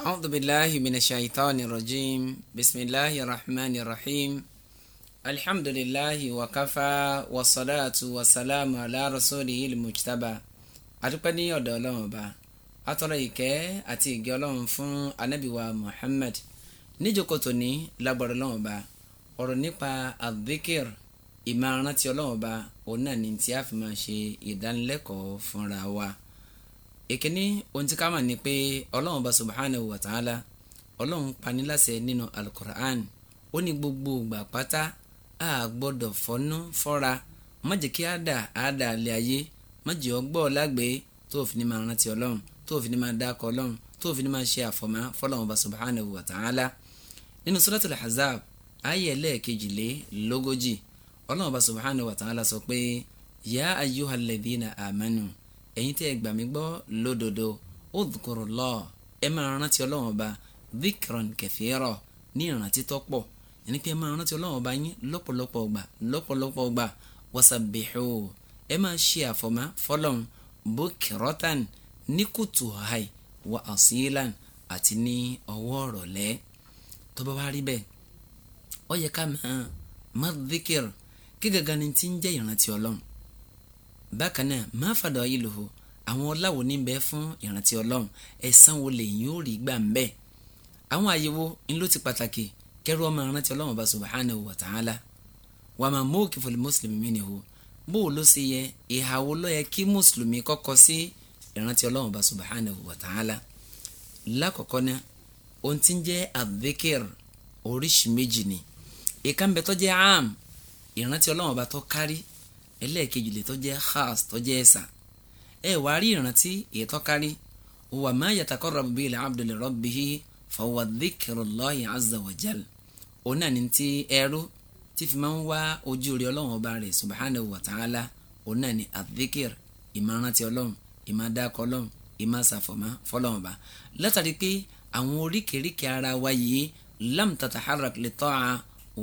أعوذ بالله من الشيطان الرجيم بسم الله الرحمن الرحيم الحمد لله وكفى والصلاة والسلام على رسوله المجتبى adúpẹ́ ní ọ̀dọ̀ ọlọ́run ọba atọ́rọ ìkẹ́ àti ìgẹ́ ọlọ́run fún anábìwa Muhammad níjókòtò ní lágbára ọlọ́run ọba ọ̀rọ̀ nípa adhikir ìmọ̀ arántí ọlọ́run ọba òun náà ní tí a fi máa ṣe ìdánilẹ́kọ̀ọ́ fúnra wa ìkíní ohun tí ká mọ̀ ni pé ọlọ́run bá subhanahu wa ta'ala ọlọ́run paniláṣẹ nínú alukur'an ó ní gbogbo ìgbà pátá a gbọ́dọ̀ fọ́nú fọ́ra má jẹ́ kí àdà àdà lé ayé má jẹ́ ọgbọ́ lágbé tó fi ní máa rántí ọlọ́run tó fi ní máa dákọ̀ ọlọ́run tó fi ní máa ṣe àfọ̀mọ́ fọlọ́run bá subhanahu wa ta'ala nínú suratul ahzab ayé ẹlẹ́ẹ̀kejìlélógójì ọlọ́run bá subhanahu wa ta'ala sọ pé yá ayyuhalladhina amanu ẹ̀yin tí ẹ gbà mí gbọ́ lódodo udhkurullah ẹ máa rántí ọlọ́run ọba dhikran kathira ní ìrántí tó pọ̀ ẹni pé ẹ máa rántí ọlọ́run ọba yín lọ́pọ̀lọpọ̀ ọgbà lọ́pọ̀lọpọ̀ ọgbà wasabbihu ẹ máa ṣe àfọ̀mọ́ fọlọ́run bukratan ní kùtù hàì wa asilan àti ní ọwọ́ ọ̀rọ̀lẹ́ tó bá wá rí bẹ́ẹ̀ ó yẹ ká máa má dhikir kí gàgà ń jẹ́ ìrántí ọlọ́run bákan náà máa fàdọ̀ ayé lò ó àwọn ọláwo ní bẹ fún ìrántí ọlọ́run ẹ̀san wo lèyìn ó rí gbà ń bẹ̀ àwọn àyẹ̀wò ńlọ ti pàtàkì kẹrù ọmọ ìrántí ọlọ́run ọba subhanahu wa ta'ala wà máa mú òkè fòlì mùsùlùmí mi nìho bó o ló ṣe yẹ ìhà wo ló yẹ kí mùsùlùmí kọ́kọ́ sí ìrántí ọlọ́run ọba subhanahu wa ta'ala lákọ̀ọ́kọ́ náà ohun tí ń jẹ́ adhikir oríṣi méjì ni ìkànnbẹ́tọ́ jẹ́ am ìrántí ọlọ́run ọba tó kárí ẹlẹ́ẹ̀kejì lè tó jẹ́ khas tó jẹ́ ẹ̀sà ẹ wàá rí ìrántí ìtọ́kárí wà má yataqarrabu bihi al-'abdu li rabbihi fahuwa dhikrullahi 'azza wa jal òun náà ní ti ẹrú tí fi máa ń wá ojú rí ọlọ́run ọba rẹ̀ subhanahu wa ta'ala òun náà ní adhikir ìmọ̀rántí ọlọ́run ìmọ̀dákọ̀ ọlọ́run ìmọ̀sàfọ̀mọ́ fọlọ́run ọba látàrí pé àwọn oríkèéríkèé ara wa yìí lam tataharrak li ta'a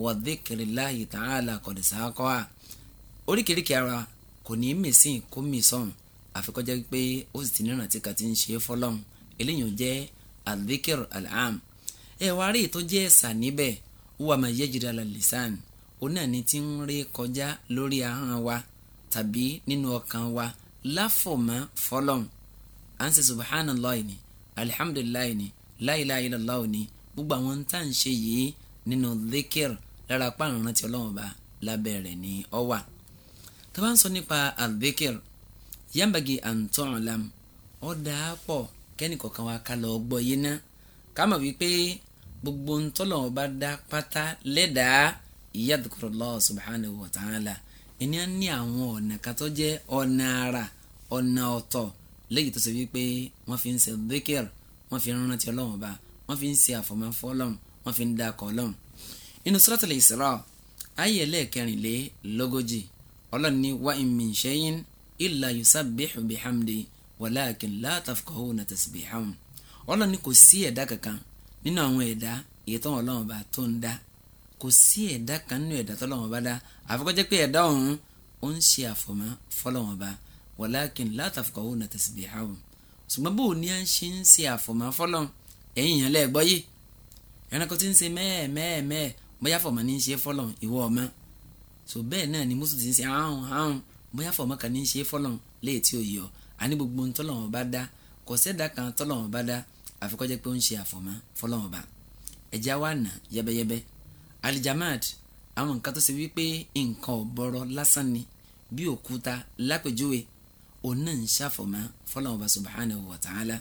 wa dhikrillahi ta'ala qad saqaha oríkèéríkèé ara kò ní mì sí kó mì sọ̀hún àfikọ́jẹ́ pé ó sì ti ní ìrántí kan ti ń ṣe é fọlọ́hún eléyìí jẹ́ al-dhikr al-am ẹ wá rí ètò jẹ́ ẹ̀sà níbẹ̀ wúwa máa yẹ jìrì ala lisan náà ni ti ń rí kọjá lórí ahọ́n wa tàbí nínú ọkàn wa láfọ̀mọ́ fọlọ́hún à ń ṣe subhanallah ni alihamdulilayi ni la ilaha illallah ni gbogbo àwọn ń tà ń ṣe yìí nínú dhikr lára apá ìrántí ọlọ́run ọba lábẹ́ rẹ̀ ni ọ wà tó bá ń sọ nípa al yambagi antolam ó dáa pọ̀ kẹ́nìkọ̀ọ̀kan wa ká lọ gbọ́ yé ná ká mọ̀ wípé gbogbo ntọ́lọ̀ ọba dá pátá lẹ́dàá yadhkurullah subhanahu wa ta'ala ènìyàn ní àwọn ọ̀nà kan tó jẹ́ ọ̀nà ara ọ̀nà ọ̀tọ̀ lẹ́yìn tó ṣe wípé wọ́n fi ń ṣe dhikr wọ́n fi ń rántí ọlọ́run ọba wọ́n fi ń ṣe àfọ̀mọ́fọ́ ọlọ́run wọ́n fi ń dákọ̀ ọlọ́run nínú suratul Isra ọlọ́run ní wa in min shay'in illa yusabbihu bihamdi walakin la tafqahuna tasbihahum ọlọ́run ní kò sí ẹ̀dá kankan nínú àwọn ẹ̀dá èyí tó ọlọ́run bá tó ń dá kò sí ẹ̀dá kan nínú ẹ̀dá tó bá dá àfikọ́jẹ́ pé ẹ̀dá ọ̀hún ó ń ṣe àfọ̀mọ́ fọlọ́run bá walakin la tafqahuna tasbihahum ṣùgbọ́n bó o ní à ń ṣe ń ṣe àfọ̀mọ́ fọlọ́run ẹ̀yìn so bẹ́ẹ̀ náà ni mùsùlùmí ti ń ṣe ahun ahun bóyá fọmọkàn ní í ṣe fọlọ́n léè tí ò yọ àní gbogbo ń tọ́lọ́wọ́n bá dá kò sẹ́dá kan tọ́lọ́wọ́n bá dá àfikọ́jẹ́ pé ó ń ṣe àfọ̀mọ́ fọlọ́wọ́n bá ẹ̀já wa nà yẹ́bẹ́yẹ́bẹ́ alijamaad àwọn nǹkan tó ṣe wípé nǹkan ọ̀bọ̀rọ̀ lásán ni bí òkúta lápèjúwe òun náà ń ṣàfọ̀mọ́ fọlọ́wọ́n bá subhanahu wa ta'ala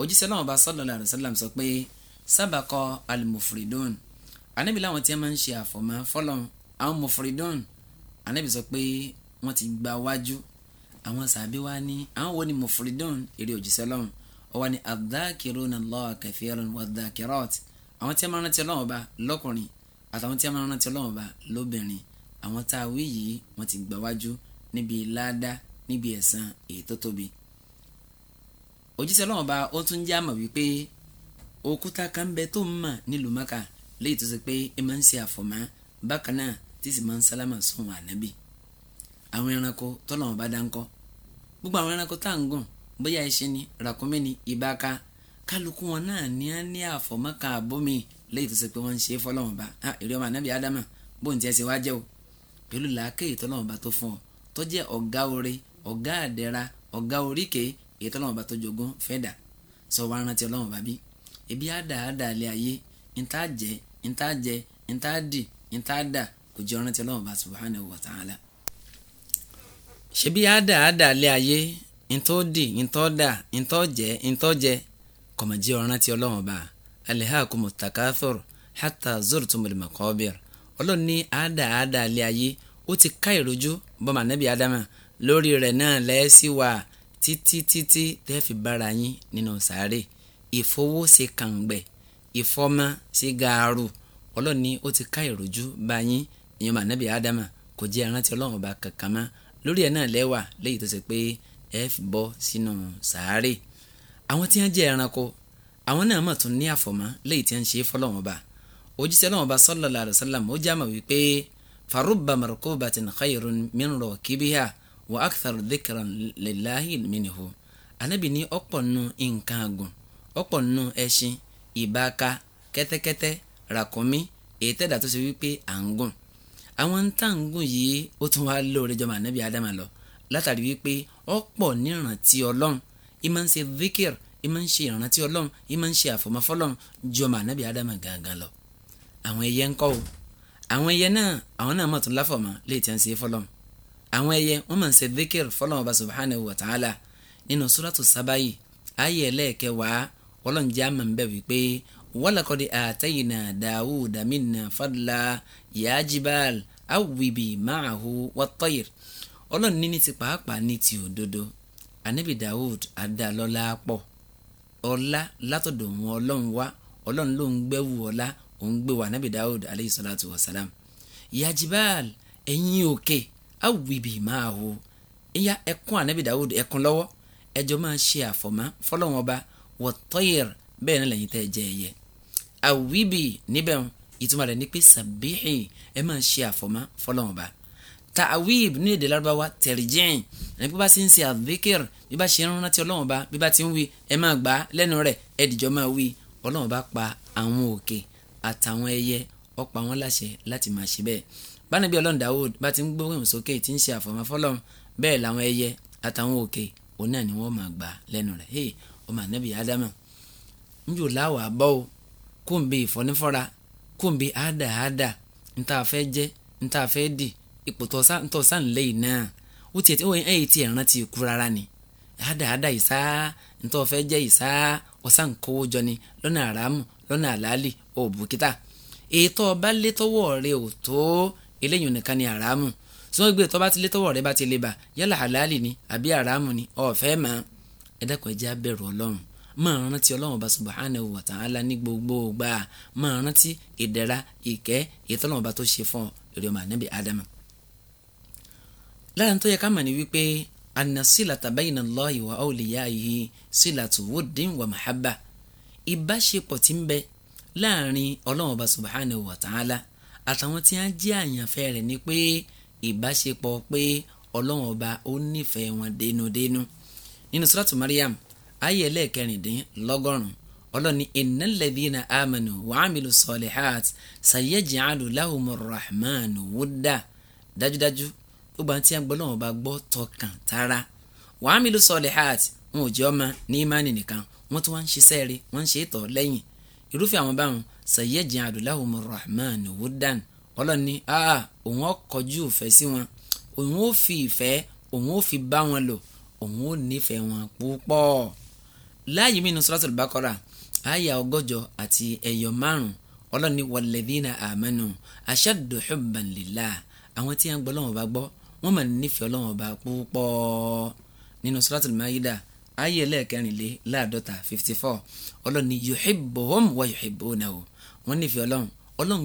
òjíṣẹ́ náà bá sallallahu sọ pé sábàkọ alimufridun anábìlà àwọn tí wọ́n máa ń ṣe àfọ̀mọ́ fọlọ́wọ́n àwọn mufridun anabi sọ pé wọ́n ti gba wájú àwọn sàbí wa ní àwọn wo ni mufridun èrè òjíṣẹ́ Ọlọ́run ọwọ́ ni adh-dhakiruna Allaha kathiran wadh-dhakirat àwọn tí a máa rántí Ọlọ́run ọba lọ́kùnrin àtàwọn tí a máa rántí Ọlọ́run ọba lóbìnrin àwọn tá a wí yìí wọ́n ti gba wájú níbi láàdá níbi ẹ̀san èyí tó tóbi òjíṣẹ́ Ọlọ́run ọba ó tún jẹ́ àmọ̀ tí sì máa ń sálámà sóhun ànábì àwọn ẹranko tọ́lọ̀ wọn bá dáńkọ́ gbogbo àwọn ẹranko tá à ń gùn bóyá ẹṣin ni ràkúnmí ni ìbáka kálukú wọn náà ní á ní àfọ̀mọ́ka àbómi léyìí tó ṣe pé wọ́n ń ṣe é fọlọ́wọn bá a ah, èrè ọmọ ànábì ádámà bóun tiẹ̀ ṣe wá jẹ́ o pẹ̀lú làákèyè tọ́lọ́wọn bá tó fún ọ tó jẹ́ ọ̀gá oore ọ̀gá àdẹ́ra ọ̀gá oríkèé èyí tọ́lọ́wọn tó jogún fẹ́dà sọ wá rántí ọlọ́wọn bá bí ebi àdà àdà alẹ́ ayé ntá jẹ ntá jẹ ntá dì ntá dà kò jẹ́ ọ̀rántí ọlọ́run bá subhanahu wa ta'ala. ṣebí àdá àdá lé ayé ntọ́ dì ntọ́ dà ntọ́ jẹ́ ntọ́ jẹ́ kò mà jẹ́ ọ̀rántí ọlọ́run bá alhaakumut takathur hatta zurtumul maqabir ọlọ́run ní àdá àdá lé ayé ó ti ká ìrojú bọ́mà nẹ́bí ádámà lórí rẹ̀ náà lẹ́ẹ̀sì wà títí títí tẹ́ẹ̀fì bára yín nínú sàárè ìfowó ṣe kàǹgbẹ̀ ìfọ́mọ́ ṣe gaaru ọlọ́run ó ti ká ìrojú bá ìyẹn mà nábì ádámà kò jẹ́ ẹrántí ọlọ́run ọba kankan mọ́ lórí ẹ̀ náà lẹ́wà léyìí tó ṣe pé ẹ fi bọ́ sínú sàárè àwọn tí wọ́n jẹ́ ẹranko àwọn náà mọ̀ tún ní àfọ̀mọ́ léyìí tí wọ́n ṣe fọlọ́run ọba òjíṣẹ́ ọlọ́run ọba sallallahu alaihi wasallam ó já mọ̀ wípé farubba markubatin khayrun min rakibiha wa akthar dhikran lillahi minhu anabi ní ọ̀pọ̀ nù nǹkan àgùn ọ̀pọ̀ nù ẹṣin ìbáka kẹ́tẹ́kẹ́tẹ́ ràkúnmí èyí tó ṣe wípé à ń àwọn táǹgùn yìí ó tún wáá lóore jọmọ ànábì ádámà lọ látàrí wípé ọ̀pọ̀ nírántí ọlọ́run ìmọ̀ ń ṣe vikir ìmọ̀ ń ṣe ìrántí ọlọ́run ìmọ̀ ń ṣe àfọmọ́fọ́lọ́run jọmọ ànábì ádámà gangan lọ àwọn ẹyẹ ń kọ́ o àwọn ẹyẹ náà àwọn náà mọ̀ tún láfọ̀mọ́ lè tí ń ṣe fọlọ́run àwọn ẹyẹ wọ́n mọ̀ ń ṣe vikir fọlọ́run ọba subhanahu wa ta'ala nínú suratu sabayi ayé ẹlẹ́ẹ̀kẹwàá ọlọ́run jẹ́ àmọ̀ ń bẹ̀ wípé walakod atayna dawuda minna fadla ya jibal awibi ma'ahu wat-tayr ọlọ́run níní ti pàápàá ní ti òdodo anabi dawud adalọ́lá pọ̀ ọlá látọ̀dọ̀ wọn ọlọ́run wá ọlọ́run ló ń gbẹ́wò ọlá òun gbé wa anabi dawud aleyhi salatu wa salam ya jibal ẹ̀yin òkè awibi ma'ahu ìyá ẹkún anabi dawud ẹkún lọ́wọ́ ẹjọ́ máa ṣe àfọ̀mọ́ fọlọ́wọn ọba wat-tayr bẹ́ẹ̀ náà lẹ́yìn tẹ́ ẹ jẹ ẹyẹ àwíbì níbẹ̀ ìtumọ̀ rẹ̀ ni pé sàbíhì ẹ máa ṣe àfọ̀mọ́ fọlọ́run ọba ta'awib ní èdè Lárúbáwá tẹ̀rìjìn ẹni bí bá ṣe ń ṣe àdékèr bí bá ṣe ń rántí Ọlọ́run ọba bí bá ti ń wí ẹ máa gbà á lẹ́nu rẹ̀ ẹ dìjọ́ máa wí Ọlọ́run ọba pa àwọn òkè àtàwọn ẹyẹ ó pa wọ́n láti máa ṣe bẹ́ẹ̀ báni bí Ọlọ́run Dáwúd bá ti ń gbóhùn sókè tí ń ṣe àfọ̀mọ́ fọlọ́run bẹ́ẹ̀ làwọn ẹyẹ àtàwọn òkè òun náà ni wọ́n máa gbà lẹ́nu rẹ̀ hey ọmọ ànábì Ádámù njù láwà bọ́ o kùnbi ìfọ́nífọ́ra kùnbi àádáàádáà níta fẹ́ jẹ́ níta fẹ́ dì ipò tó sàn lẹ́yìn náà ó tiẹ̀ tí ó ẹ̀ e tí ẹ̀ rántí ikú rárá ni àádáàádáà ìsá níta fẹ́ jẹ́ ìsá jọ ni lọ́nà àràmù lọ́nà àlàálì ètò ọba rẹ ò tó eléyìí nìkan ni àràmù máa rántí ọlọ́run bá subhanahu wa ta'ala ní gbogbo gbà máa rántí ìdẹ̀ra ìkẹ́ ìtọ́lọ́run bá tó ṣe fún ìrìn ọmọ ànábì ádámù. lára tó yẹ ká mọ̀ ní wípé anna silata bayna Allahi wa awliya'ihi silatu wuddin wa mahabba ìbáṣepọ̀ tí ń bẹ láàrin ọlọ́run bá subhanahu wa ta'ala àtàwọn tí wọ́n jẹ́ àyànfẹ́ rẹ̀ ni pé ìbáṣepọ̀ pé ọlọ́run ọba ó nífẹ̀ẹ́ wọn dénúdénú nínú suratu mariam ayé ẹlẹ́ẹ̀kẹrìndínlọ́gọ́rùn ọlọ́ni innal ladhina amanu wa amilu salihat sayaj'alu lahumu rahmanu wudda dájúdájú ó bá tí a gbọ́ lọ́wọ́ bá gbọ́ tọkàn tara wa amilu salihat wọn ò jẹ́ ọmọ ní imáni nìkan wọ́n tún wá ń ṣiṣẹ́ rí wọ́n ń ṣe ìtọ̀ lẹ́yìn irúfẹ́ àwọn báwọn sayaj'alu lahumu rahmanu wuddan ọlọ́ni aa òun ó ìfẹ́ sí wọn òun ó fi ìfẹ́ òun ó fi bá wọn lò òun ó nífẹ̀ẹ́ wọn púpọ̀ láàyè mí nu Suratul Baqara àyà ọgọ́jọ àti ẹ̀yọ márùn ọlọ́ni walladhina amanu ashaddu hubban lillah àwọn tí wọ́n gbọ́ Ọlọ́hun Ọba gbọ́ wọ́n mà nífẹ̀ẹ́ Ọlọ́hun Ọba púpọ̀ nínú Suratul Maida àyà ẹlẹ́ẹ̀kẹrìnlé láàdọ́ta fifty four ọlọ́ni yuhibbuhum wa yuhibbunahu wọ́n nífẹ̀ẹ́ Ọlọ́hun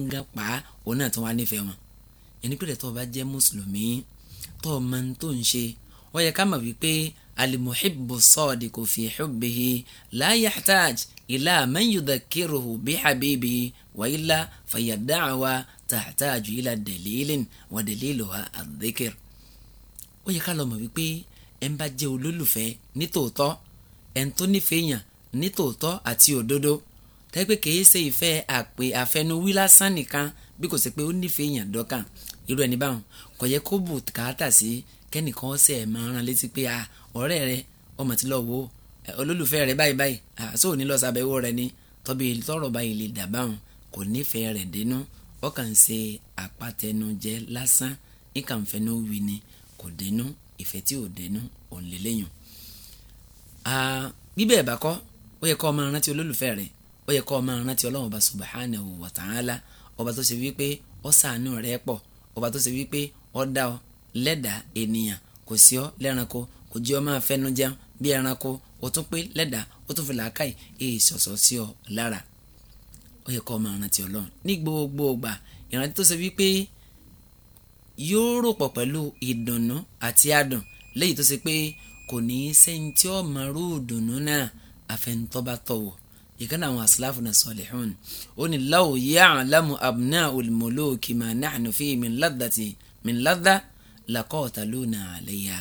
náà alimuhibbu sadiqu fi hubbihi la yahtaj ila man yudhakiruhu bi habibihi wa illa fayad'awa tahtaju ila dalilin wa daliluha adh-dhikr. ó yẹ ká lọ mọ̀ wípé ẹ̀ ń bá jẹ́ olólùfẹ́ nítòótọ́ ẹ̀ ń tó nífẹ̀ẹ́ yàn nítòótọ́ àti òdodo tẹ́pẹ́ kìí ṣe ìfẹ́ àpè àfẹnuwí lásán nìkan bí kò ṣe pé ó nífẹ̀ẹ́ yàn irú ẹni báwọn kò yẹ kó bùkátà sí kẹ́nìkan ọ̀sẹ̀ ẹ̀ máa rán létí pé a ah, ọ̀rẹ́ rẹ ọmọ tí lọ wo olólùfẹ́ rẹ báyìí báyìí àṣọ òní lọ sàbẹ̀wò rẹ ni tọ́bi tọ́rọ̀ báyìí lè dà báwọn kò nífẹ̀ẹ́ rẹ̀ dénú ọkàn ń ṣe àpatẹnujẹ lásán ìkànfẹ́nu wí ni kò dénú ìfẹ́ tí ò dénú òun lè léyìn. bíbẹ̀ ẹ̀ bá kọ́ ó yẹ kó o máa rántí olólùfẹ́ rẹ ó yẹ kó o máa rántí ọlọ́run ọba subhanahu wa ta'ala ọba tó ṣe wípé ó ṣàánú rẹ pọ̀ ọba tó ṣe wípé ó dá ọ lẹ́dàá ènìyàn kò sí ọ lẹ́ranko kò jẹ́ ọ máa fẹ́nu jẹun bí ẹranko o tún pé lẹ́dà o tún fi làákàyè e èyí sọ̀sọ̀ sí ọ lára ó yẹ kó máa rántí ọlọ́run ní gbogbo ìgbà ìrántí tó ṣe wípé yóò rò pọ̀ pẹ̀lú ìdùnnú àti adùn lẹ́yìn tó ṣe pé kò ní í sẹ́yìn tí ó máa rú ìdùnnú náà àfẹnutọ́ba ìkànnì àwọn asláfù náà salihun ó ní láwòye ya'lamu abna'ul muluki ma nahnu fihi min ladati min ladda làkọ́ọ̀tà lónà àlẹ́yà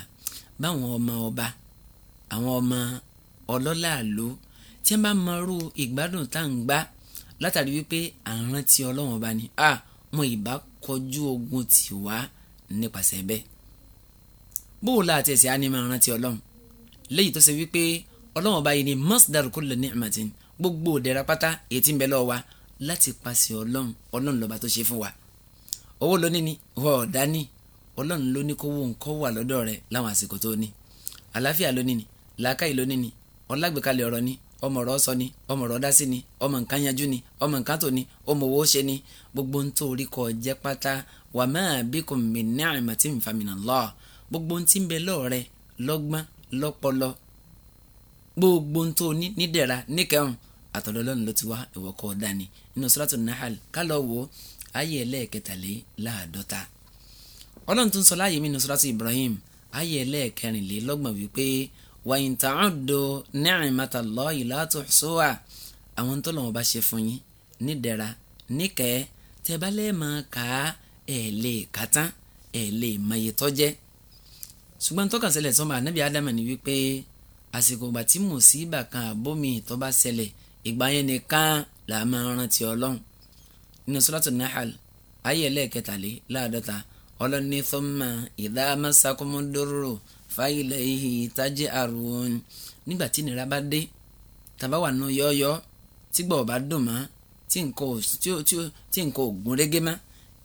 báwọn ọmọ ọba àwọn ọmọ ọlọ́lá àlò tí wọ́n bá mọrú ìgbádùn tá à ń gbá látàrí wípé à ń rántí ọlọ́wọ́n ọba ni a ah, wọn ìbá kọjú ogun tì wá nípasẹ̀ bẹ́ẹ̀ bóò láti ẹ̀sẹ̀ á ní máa rántí ọlọ́run léyìí tó ṣe wípé ọlọ́run ọba yìí ni masdar kulli ni'matin gbogbo òdẹ̀ra pátá èyí ń bẹ lọ́wọ́ wa láti paṣẹ ọlọ́run ọlọ́run lọ́ba tó ṣe fún wa owó lóní ni wọ́n ọ̀dá ní ọlọ́run ló ní kówó nǹkan wà lọ́dọ̀ rẹ láwọn àsìkò tó ní àlàáfíà lónìí ni làákàyè lónìí ni ọlágbèkalẹ̀ ọ̀rọ̀ ni ọmọ ọ̀rọ̀ sọ ni ọmọ ọ̀rọ̀ dásí ni ọmọ nǹkan yanjú ni ọmọ nǹkan tó ni ọmọ owó ṣe ni gbogbo ń tó orí kọ jẹ́ pátá wà má bikum min ni'matin faminallah gbogbo ń tí ń bẹ lọ́ọ̀rẹ́ lọ́gbọ́n lọ́pọlọ gbogbo ń tó ní nídẹ̀ra níkẹrùn àtọ̀lọ́lọ́run ló ti wá ìwọ́kọ̀ dání nínú Suratul Nahl ká lọ wò ayé ẹlẹ́ẹ̀kẹtàléláàdọ́ta ọlọ́run tó ń sọ láàyè mi nusrati Ibrahim ayé ẹlẹ́ẹ̀kẹrìnlélọ́gbọ̀n wípé wa in ta'uddu ni'matallahi la tuhsuha àwọn tó lọ́wọ́ bá ṣe fún yín nídẹ̀ra níkẹ́ tẹ́ bá lè máa kà á ẹ̀ lè kà tán ẹ̀ lè mọye tọ́jẹ́ ṣùgbọ́n tó kàn ṣẹlẹ̀ sọ́mọ ànábì ádámà ni wípé àsìkò ìgbà tí mùsíbà kan àbómi tó bá ṣẹlẹ̀ ìgbà yẹn nìkan là máa rántí ọlọ́run nínú Suratul Nahl ayé ẹlẹ́ẹ̀kẹtàléláàdọ́ta ọlọ́ni thumma idha masakumudurru fa ilayhi taj'arun nígbà tí ìnira bá dé tàbá wà nù yọ́yọ́ tí gbọ̀ bá dùn mọ́ tí nǹkan ò gún régé mọ́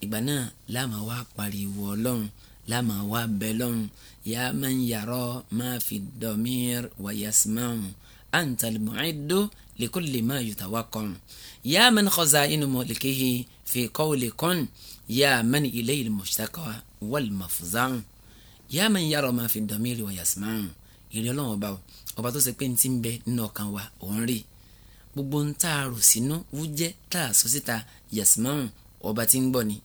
ìgbà náà láàmà wá pariwo ọlọ́run láàmà wá bẹ lọ́run yá man yàrá máa fi dọ̀míìr wàyàsímáhùn أنت al لكل ما ma يا من خزائن ملكه في fi qawli kun ya man ilayhi al-mushtaqa wal-mafza'u ya man yara ma fi ad-damiri wa yasma'u ìrẹ́ ọlọ́run ọba o ọba tó ṣe pé ní ti ń bẹ nínú ọkàn wa òun rí gbogbo ń tá a rò sínú wújẹ́ tá a sọ síta yasma'u ọba tí ń gbọ́ ni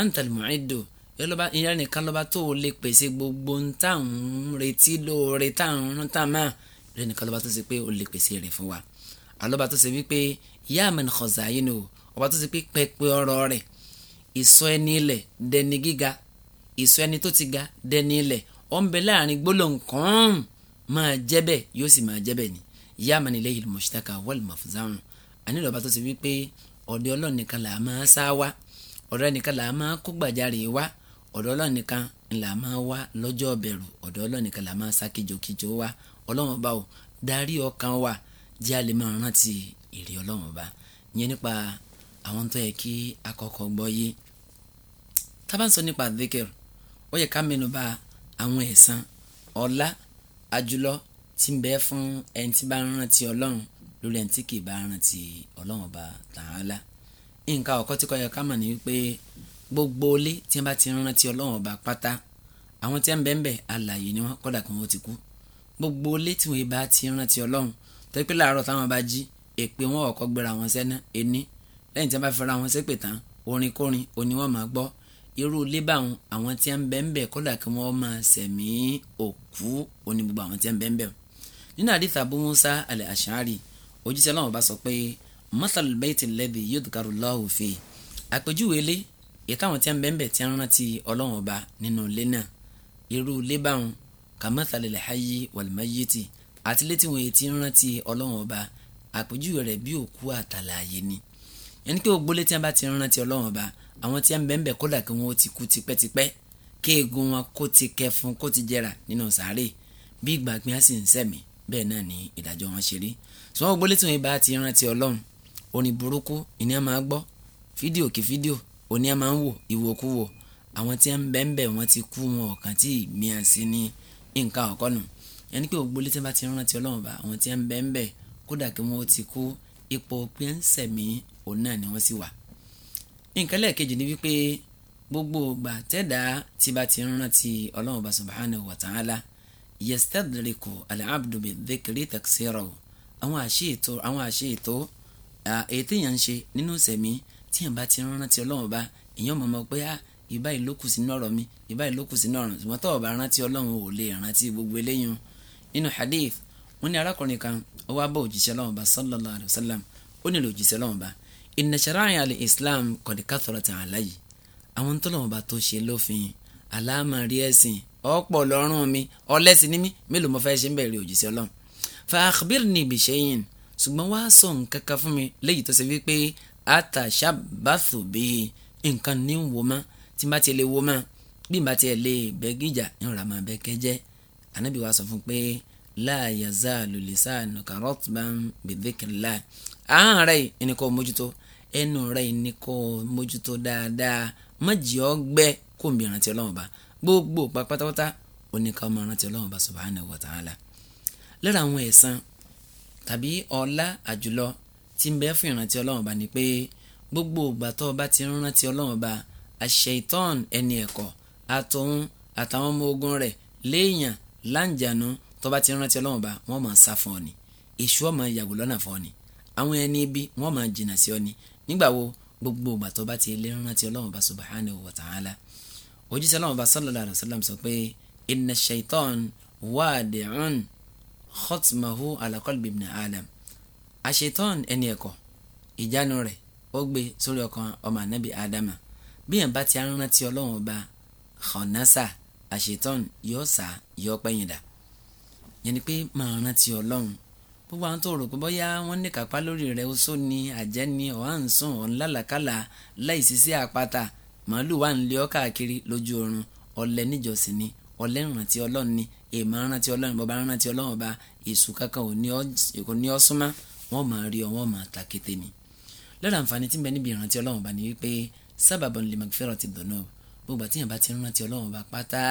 antal mu'iddu yọlọba ìyá nìkan lọba tó o lè pèsè gbogbo ń tá ń retí lóore tá ń rántà máa lẹ́nìkan lọ́ba tó ṣe pé ó lè pèsè rẹ̀ fún wa àlọ́ba tó ṣe wípé yá man khazayinu ọba tó ṣe pé pẹpẹ ọrọ̀ rẹ̀ ìsọ ẹni ilẹ̀ dẹni gíga ìsọ ẹni tó ti ga dẹni ilẹ̀ ó ń bẹ láàrin gbólóǹkan máa jẹ́ bẹ́ẹ̀ yóò sì máa jẹ́ bẹ́ẹ̀ ni yá man ilayhi al-mushtaka wal mafza'un àní lọ́ba tó ṣe wípé ọ̀dọ̀ Ọlọ́run nìkan là máa sá wa ọ̀dọ̀ nìkan là máa kó gbàjarè wa ọ̀dọ̀ Ọlọ́run nìkan là máa wá lọ́jọ́ bẹ̀rù ọ̀dọ̀ Ọlọ́run nìkan là máa sá kíjokíjo wa ọlọ́run ọba o darí ọkàn wa jẹ́ a lè máa rántí èrè ọlọ́run ọba yẹn nípa àwọn tó yẹ kí akọ́kọ́ gbọ́ yé tábà ń sọ nípa adhikr ó yẹ ká mẹ́nu bà àwọn ẹ̀san ọlá àjùlọ tí ń bẹ fún ẹni tí bá ń rántí ọlọ́run lórí ẹni tí kì í bá rántí ọlọ́run ọba tààlà nǹkan ọ̀kọ́ tí kò yẹ ká mọ̀ ní wípé gbogbo ilé tí wọ́n bá ti rántí ọlọ́run ọba pátá àwọn tí wọ́n bẹ́ẹ̀ bẹ́ẹ̀ alààyè ni wọ́n kọ́dà kí wọ́n ti kú gbogbo létíwọ̀n ibà ti rántí ọlọ́run torí pé làárọ̀ táwọn bá jí èpè wọn ọ̀kọ́ gbéra wọn sẹ́ná ẹni lẹ́yìn tí wọ́n bá fẹ́ra wọn sépè tán orin kórin òní wọn máa gbọ́ irú lébàwọn àwọn tí a ń bẹ́ńbẹ́ kódà kí wọ́n máa sẹ̀mí òkú òní gbogbo àwọn tí a ń bẹ́ńbẹ́ nínú àdìsá Abu Musa al-Ash'ari òjíṣẹ́ náà bá sọ pé masalul bayti alladhi yudhkaru Allahu fi àpèjúwe ilé èyí táwọn tí a ń bẹ́ńbẹ́ tí kàmẹ́tàlẹ̀ lẹ́hàyí wàlùmáyétì àti létí wọn ti ń rántí ọlọ́run ọba àpèjúwe rẹ̀ bí òkú àtàlàyé ni yẹn ni pé gbogbo létí wọn bá ti ń rántí ọlọ́run ọba àwọn tí wọn bẹ̀ẹ̀ kódà kí wọn ti kú tipẹ́tipẹ́ kí eegun wọn kó ti kẹfun kó ti jẹrà nínú sàárè bí ìgbàgbìn á sì bẹ́ẹ̀ náà ni ìdájọ́ wọn ṣe rí sọ wọn gbogbo létí wọn bá ti rántí ọlọ́run orin burúkú ìní àmà gbọ́ fídíò kí fídíò òní àmà ń wò ìwòkúwò àwọn tí wọn bẹ̀ẹ̀ wọn ti kú wọn ọ̀kan tí ì nǹkan ọ̀kọ́ nù yẹn pé gbogbo létí bá ti rántí ọlọ́run bá àwọn tí ń bẹ ń bẹ kódà kí wọ́n ti kú ipò pé ń sẹ̀mí òun náà ni wọ́n sì wà. nǹkan lẹ́ẹ̀kejì ni wípé gbogbo ìgbà tẹ́dà tí bá ti rántí ọlọ́run bá subhanahu wa ta'ala yastadriku al-abdu bi-dhikri taksirahu àwọn àṣe ètò àwọn àṣe ètò ètò yẹn ń ṣe nínú sẹ̀mí tí yẹn bá ti rántí ọlọ́run bá èèyàn mọ̀ mọ́ pé ah ìbáyìí ló kù sínú ọ̀rọ̀ mi ìbáyìí ló kù sínú ọ̀rọ̀ ṣùgbọ́n tó o bá rántí ọlọ́run ò lè rántí gbogbo eléyìí nínú hadith wọn ní arákùnrin kan ó wá bá òjíṣẹ́ lọ́wọ́ bá sallallahu alayhi wa sallam ó nílò òjíṣẹ́ lọ́wọ́ bá inna shara'a al-islam qad kathurat alayya àwọn tó lọ́wọ́ bá tó ṣe lófin aláàmàrí ẹ̀sìn ọ̀pọ̀ lọ́rùn mi ọlẹ́sìn ní mi mélòó mo fẹ́ tí n bá tiẹ̀ lè wo mọ́ bí n bá tiẹ̀ lè bẹ́ gíjà ń ra máa bẹ́ kẹ́jẹ́ ànábì wa sọ fún pé la yazalu lisanuka ratban bi dhikrillah àhán rẹ̀ ẹni kò mójútó ẹnu rẹ̀ ẹni kò mójútó dáadáa mọ̀jì ọgbẹ́ kò mí rántí ọlọ́run ba gbogbo pátápátá oníkan máa rántí ọlọ́run ba subhanahu wa ta'ala lára àwọn ẹ̀san tàbí ọlá àjùlọ tí ń bẹ fún ìrántí ọlọ́run ba ni pé gbogbo ìgbà tó o bá ti ń rántí ọlọ́run ba àṣeyìtọ́n ẹni ẹ̀kọ́ àtòun àtàwọn ọmọ ogun rẹ̀ léèyàn láǹjànú tó bá ti rántí ọlọ́run bá wọ́n máa sá fún ọ ni èṣù ọmọ yàgò lọ́nà fún ọ ni àwọn ẹni ibi wọ́n máa jìnnà sí ọ ni nígbà wo gbogbo ìgbà tó bá ti lè rántí ọlọ́run bá subhanahu wa ta'ala òjíṣẹ́ ọlọ́run bá sallallahu alaihi wasallam sọ pé inna shaitan wadi'un khotmahu ala qalbi ibn adam àṣetán ẹni ẹ̀kọ́ ìjánu rẹ̀ ó gbé sórí ọkàn ọmọ anabi adama bí yẹn bá ti rántí ọlọ́run ọba khanasa àṣetán yóò sá yóò pẹ́yìn dà yẹn ni pé máa rántí ọlọ́run gbogbo àwọn tó rò pé bóyá wọ́n ní kápá lórí rẹ̀ oṣó ni àjẹ́ ni ọ̀hánsùn ọ̀nlálàkàlà láìsí sí àpáta màálù wà ń lé ọ káàkiri lójú oorun ọ̀lẹ níjọsìn ni ọ̀lẹ rántí ọlọ́run ni èèmọ̀ rántí ọlọ́run bọ́ba rántí ọlọ́run ọba èṣù kankan ò ní ọ súnmọ́ wọ́n máa rí ọ wọ́n máa ta kété ni lọ́dà àǹfààní tí ń bẹ níbi ìrántí ọlọ́run ọba ni wípé sábàbọn lè magfẹ́rọ̀ ti dùn náà gbogbo àti ìyànbá ti rántí ọlọ́run ọba pátá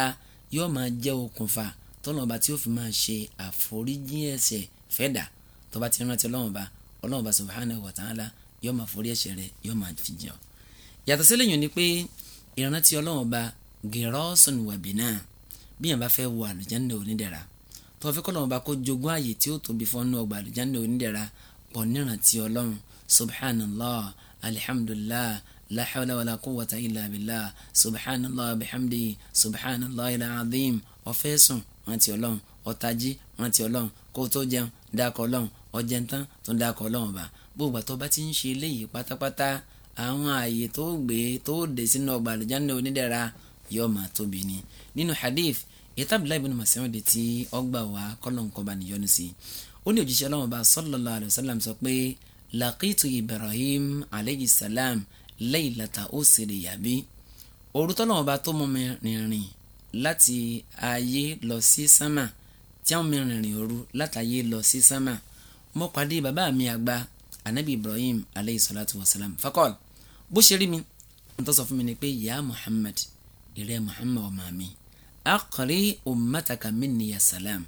yóò máa jẹ́ okùnfà tọ́lọ́run ọba tí ó fi máa ṣe àforíjì ẹ̀ṣẹ̀ fẹ́dà tó bá ti rántí ọlọ́run ọba ọlọ́run ọba subhanahu wa ta'ala yóò máa forí ẹ̀ṣẹ̀ rẹ̀ yóò máa fi jẹun. yàtọ̀ sílẹ̀ yòó ni pé ìrántí ọlọ́run ọba gẹ̀rọ́sùn wàbí náà bí yàn bá fẹ́ wọ àlùjánnà onídẹ̀ra tó fẹ́ kọ́ lọ́wọ́ bá kó jogún ààyè tí ó tóbi fọ́nú ọgbà àlùjánnà onídẹ̀ra pọ̀ nírántí ọlọ́run subhanallah alhamdulillah لا حول ولا قوة إلا بالله سبحان الله بحمده سبحان الله العظيم ọ̀fẹ́ sùn rántí ọlọ́run ọ̀tají rántí ọlọ́run kó tó jẹun dákọ̀ ọlọ́run ọjẹun tán tó dákọ̀ ọlọ́run ọba gbogbo àtọ́ bá ti ń ṣe eléyìí pátápátá àwọn ààyè tó gbé tó dé sínú ọgbà àlùjáde onídẹ̀ra yóò máa tóbi ni nínú hadith ètò Abdullahi ibn Mas'ud tí ọgbà wá kọ́lọ́nkọ́ba níyọnu sí ó ní òjíṣẹ́ ọlọ́run ọba sallallahu alaihi wasallam sọ pé laqitu Ibrahim alayhi salam laylata usri yabi òru tọ́lọ́wọ́n bá tó mú mi rìnrìn láti ayé lọ sí sámà tí àwọn mi rìnrìn òru látàyé lọ sí sámà mo pàdé bàbá mi àgbà anabi ibrahim aleyhi salatu wa salam fakọ́l bó ṣe rí mi n tó sọ fún mi ni pé ya muhammad ìrẹ́ muhammad ọmọ mi akọ̀rí ummataka minni ya salam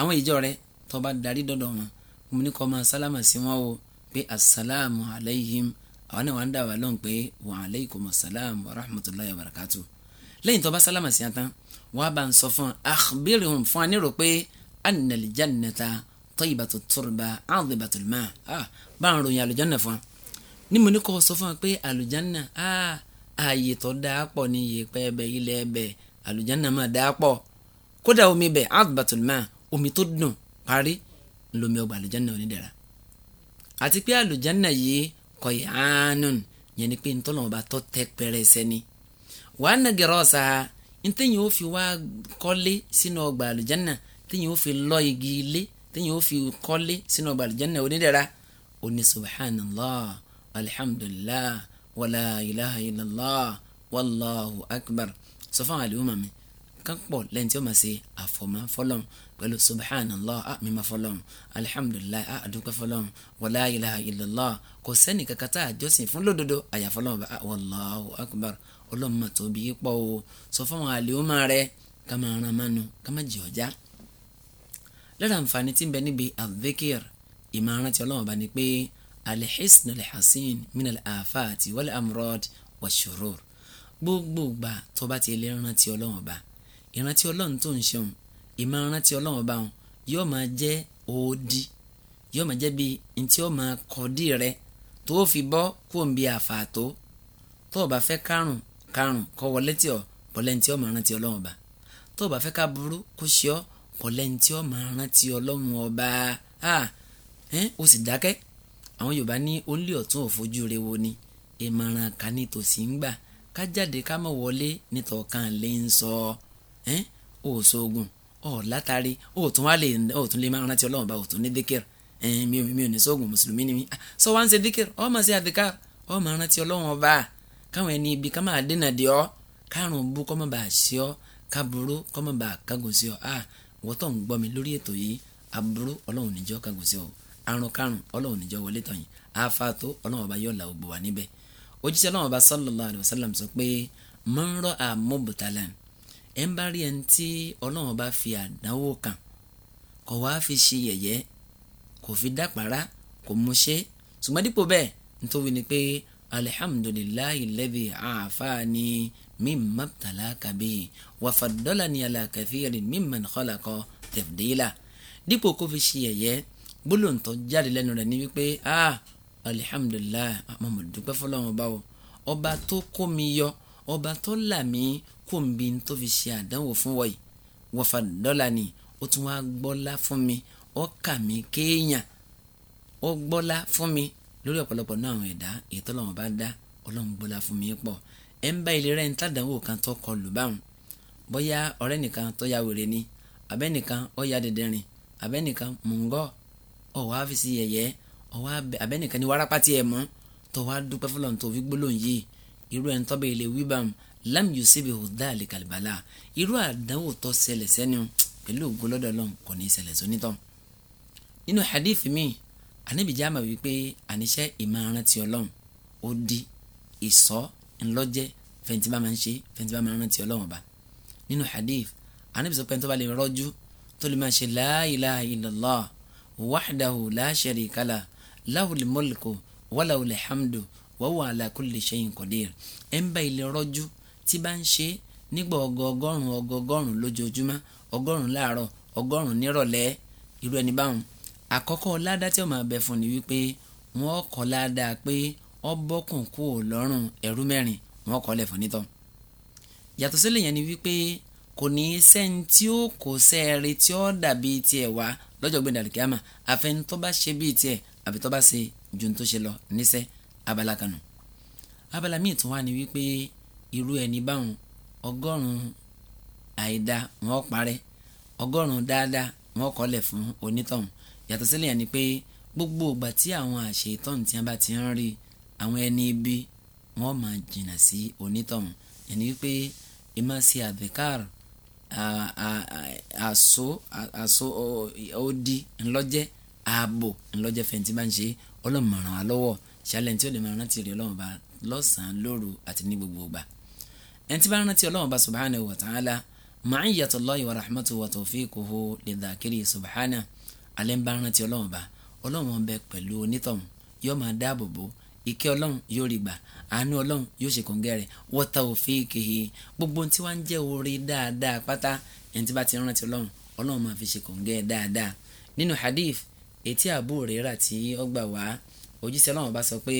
àwọn ìjọ rẹ tó bá darí dọ́dọ̀ wọn mo ní kó máa sálámà sí wọn o pé asalaamu alayhim. As àwọn náà wà ń dà wá lóhùn pé wa alaykum salam wa rahmatulahi wa barakatu lẹ́yìn tó bá sálámà sí àtàn wàá bá ń sọ fún akhbirhum fún wa pé annal jannata tayyibatu turba adhibatul ma bá ń ròyìn àlùjánà fún wa mo ní kọ́ sọ fún wa pé àlùjánà ààyè tó dáa pọ̀ ní yèèpẹ̀ ẹbẹ̀ ilẹ̀ ẹbẹ̀ àlùjánà máa dáa pọ̀ kódà omi bẹ̀ adhibatul ma omi tó dùn parí lomi ọgbà àlùjánà onídẹ̀ra àti pé àlùjánà yìí kọ̀yánun yẹn ni pé ntọ́nà ọba tọ́ tẹ́ pẹrẹsẹ ni wàá nàgẹ̀rọ ọ̀sà ntẹ̀yìn ó fi wá kọ́lé sínú ọgbà àlùjánà tẹ̀yìn ó fi lọ igi ilé tẹ̀yìn ó fi kọ́lé sínú ọgbà àlùjánà onídẹ̀ra subhanallah alhamdulillah wàlá ilaha illallah wàlláhu akbar sọ fún àlùmọ̀ kan pọ̀ lẹ́yìn tí ó máa ṣe àfọ̀mọ́ fọlọ́run pẹ̀lú subhanallah a mímọ́ fọlọ́run alihamudulilayi a adúpẹ́ fọlọ́run wala ilaha illallah kò sẹ́ni kankan tá a jọ́sìn fún lódodo àyà fọlọ́run bá wallahu akbar ọlọ́mọ tó bí pọ̀ o sọ fáwọn àlèémà rẹ ká máa ran mánu ká máa jẹ ọjà. lára àǹfààní tí ń bẹ níbi adhikir ìmọ̀ràn tí ọlọ́run bá ní pé alihisn alihasin min al-afat wal amrod wa shurur tó bá ti lè rántí ọlọ́run bá ìrántí ọlọ́run tó ń ṣeun ìmọ̀ ìrántí ọlọ́run ọba wọn yóò máa jẹ́ òdi yóò máa jẹ́ bí ntí ó máa kọ́dí rẹ tó fi bọ́ kó ń bi àfààtó tó o bá fẹ́ kárùn kárùn kọ́ wọlé tí ọ bọ́lẹ́ ntí ó máa rántí ọlọ́run ọba tó o bá fẹ́ ká burú kó ṣe ọ bọ́lẹ́ ntí ó máa rántí ọlọ́run ọba ó sì dákẹ́ àwọn yorùbá ní ó lé ọ̀tún òfojú rẹ wo ni ìmọ̀ràn kan ní tòsí ń gbà ká jáde ká má wọlé nítọ̀ọ̀kan lè ń sọ ọ́ ẹ́ o ò sóògùn o ò látàrí o ò tún wá lè o ò tún lè máa rántí ọlọ́run bá o tún ní díkìrì ẹ́ mi ò mi ò ní sóògùn mùsùlùmí ni mi ah, sọ wá ń ṣe díkìrì o máa ṣe àdìkà o máa rántí ọlọ́run ọba káwọn ẹni ibi ká máa dènà dè ọ́ kárùn bú kọ́ mọ́ bá a ṣe ọ́ káburú kọ́ mọ́ bá a kágun sí ọ́ ah wọ́n tó ń gbọ́ mi lórí ètò yìí aburú ọlọ́run níjọ́ kágun sí ọ́ àrùn kárùn ọlọ́run níjọ́ wọlé tàn yìí afaato ọlọ́run ọba yóò la ògbò wá níbẹ̀ òjíṣẹ́ ọlọ́run ọba sallallahu alaihi wasallam sọ pé man ra'a mubtalan ẹ̀ ń bá rí ẹni tí ọlọ́run bá fi àdánwò kàn kò wá fi ṣe yẹ̀yẹ́ kò fi dápàrá kò mú ṣe ṣùgbọ́n dípò bẹ́ẹ̀ nítorí ni pé alihamdulilayi lẹ́bi àfààní mímọ́ tàlákà bí wàfàdọ́là ni alákàfíìrì mímọ́ nìkọ́lákọ́ tẹ̀fùdílà dípò kó fi ṣe yẹ̀yẹ́ gbólóǹtọ́ jáde lẹ́nu rẹ̀ ní wípé ah alihamdulilayi àmọ́ báwo ọba tó kó mi yọ ọba tó là mí kò ń bi tó fi ṣe àdánwò fún wọ̀nyí wọ̀fà dọ́là ni ó tún wá gbọ́lá fún mi ó kà mí kéèyàn ó gbọ́lá fún mi lórí ọ̀pọ̀lọpọ̀ náà àwọn ẹ̀dá ètò ọlọ́run bá dá ọlọ́run gbọ́lá fún mi pọ̀ ẹ̀ ń bá ilé rẹ̀ tàdánwò kan tó kọ lù báwọn bóyá ọ̀rẹ́ nìkan tó ya wèrè ni abẹ́nìkan ó ya dẹ̀dẹ̀rìn abẹ́nìkan mùngọ́ ọ̀wá fi si yẹ̀yẹ́ ọ̀wá abẹ́nìkan ni wárápá tiẹ̀ mọ́ tó wá dúpẹ́ fọlọ́run fi gbólóhùn yìí irú ẹni tọ́bẹ̀ ilé wíbàm lam yusibihu dhalika albala irú àdánwò tó ṣẹlẹ̀ sẹ́ni pẹ̀lú ògbólọ́dọ̀ lọ́n kò ní ṣẹlẹ̀ sónítọ̀ nínú hadith mi àníbìjá mà wípé àníṣe ìmọ̀ràn ti ọlọ́run ó di ìsọ́ ńlọ́jẹ́ fẹ̀ǹtì bá máa ń ṣe fẹ̀ǹtì bá máa ń rántí ọlọ́run ọba nínú hadith àníbi sọ pé tó bá lè rọ́jú tó lè máa ṣe la ilaha illallah wahdahu la sharika lah lahul mulku wa huwa ala kulli shay'in qadir ẹ̀ ń bá ilé rọ́jú tí bá ń ṣe nígbà ọgọgọ́rùn ọgọgọ́rùn lójoojúmọ́ ọgọ́rùn láàárọ̀ ọgọ́rùn nírọ̀lẹ́ irú ẹni báwọn àkọ́kọ́ ládàá tí ó máa bẹ fún ni wípé wọ́n kọ́ ládàá pé ó bọ́kùn kú ò lọ́rùn ẹ̀rú mẹ́rin wọ́n kọ́ lẹ̀ fún nítọ́ yàtọ̀ sílẹ̀ yẹn ni wípé kò ní sẹ́ni tí ó kò sẹ́ẹ̀rì tí ó dàbí tiẹ̀ wá lọ́jọ́ gbẹ̀dàlùkíámà àfẹnitọ́ bá ṣe bíi tiẹ̀ àbí tó bá ṣe ju tó ṣe lọ níṣẹ́ abala kanu abala míì tún wà ní wípé irú ẹni báwọn ọgọ́rùn-ún àìda wọn parẹ́ ọgọ́rùn-ún dáadáa wọn kọ́lẹ̀ fún onítọ̀hún yàtọ̀ sílẹ̀ yẹn ni pé gbogbo ìgbà tí àwọn àṣẹ ìtọ́hún tí wọn bá ti ń rí àwọn ẹni ibi wọn máa jìnnà sí onítọ̀hún yẹn ni wípé ìmọ̀ sí àdìkàr àṣọ àṣọ òdi ńlọ́jẹ́ ààbò ńlọ́jẹ́ fẹ̀ǹtì máa ń ṣe ọlọ́mọràn alọ́wọ́ ṣàlẹ̀ tí ó lè máa rántí rẹ̀ ọlọ́run bá lọ́sàn-án lóru àti ní gbogbo ìgbà ẹni tí bá rántí ọlọ́run bá subhanahu wa ta'ala ma'iyatullahi wa rahmatuhu wa tawfiquhu lidhakiri subhana alẹ́ ń bá rántí ọlọ́run bá ọlọ́run bẹ pẹ̀lú onítọ̀hún yóò máa dáàbò bò ìkẹ́ ọlọ́run yóò rí gbà àánú ọlọ́run yóò ṣe kòǹgẹ́ rẹ̀ wa tawfiqihi gbogbo tí wọ́n ń jẹ́ orí dáadáa pátá ẹni tí bá ti rántí ọlọ́run ọlọ́run máa fi ṣe kòǹgẹ́ dáadáa nínú hadith etí àbúrò rẹ̀ rà tí ó wá òjíṣẹ́ ọlọ́run ọba sọ pé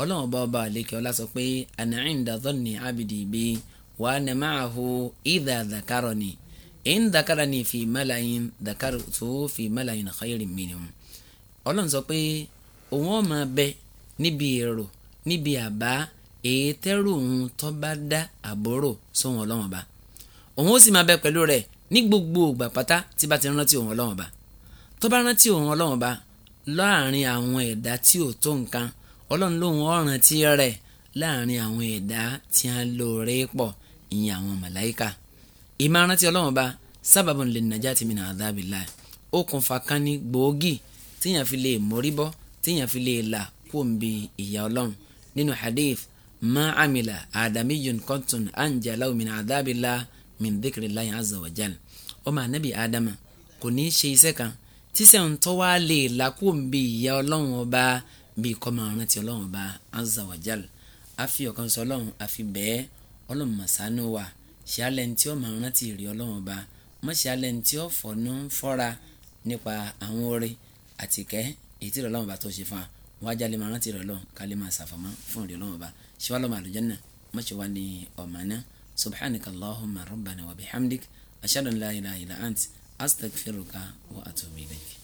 ọlọ́run ọba ọba àlekè ọlá sọ pé ànàrin dàtọ́ ní abidi ìgbé wà á nà máa ho ìdà dàkárọ̀ ni èyí ń dàkárọ̀ ni fi mẹ́láyìn dàkárọ̀ tó fi mẹ́láyìn àkọ́yẹ̀rì mìíràn ọlọ́run sọ pé òun ó máa níbi èrò níbi àbá èyí tẹ́rù òun tó bá dá àbúrò sóhun ọlọ́run ọba òun ó sì máa bẹ pẹ̀lú rẹ̀ ní gbogbo ògbà pátá tí bá ti rántí òun ọlọ́run ọba tó bá rántí òun ọlọ́run ọba láàrin àwọn ẹ̀dá tí ò tó nǹkan ọlọ́run lòun ọ̀ràn tí rẹ̀ láàrin àwọn ẹ̀dá tí a lóore pọ̀ ìyẹn àwọn màláìka ìmọ̀ràn tí ọlọ́run bá sábàbùn lè nàjà tí mi nà àdábìlà okùnfà kan ní gbòógì tíyàn fi lè mórí tíyàn fi lè là kó n bi ìyà ọlọ́run nínú hadith ma amila adamiyun kọ́ntùn anjala min àdábìlà min dìkìrì láyìn azza wa jal ọmọ anabi adama kò ní í ṣe iṣẹ́ kan tíṣẹ̀ ń tọ́ wá lè làkúù ń bi ìyá ọlọ́run ọba bí kọ́ máa rántí ọlọ́run ọba azza wa jal àfi ọ̀kan sọ ọlọ́run àfi bẹ́ẹ̀ ọlọ́run màsánú wa ṣàlẹ̀ ntí ó máa rántí ìrì ọlọ́run ọba mọ́ ṣàlẹ̀ ntí ó fọ̀nù fọ́ra nípa àwọn oore àtìkẹ́ èyí tí ọlọ́run ọba tó ṣe fún wa wọ́n á jalè máa rántí ìrì ọlọ́run kálí máa ṣàfọ̀mọ́ fún ìrì ọlọ́run ọba ṣíwá أستغفرك وأتوب إليك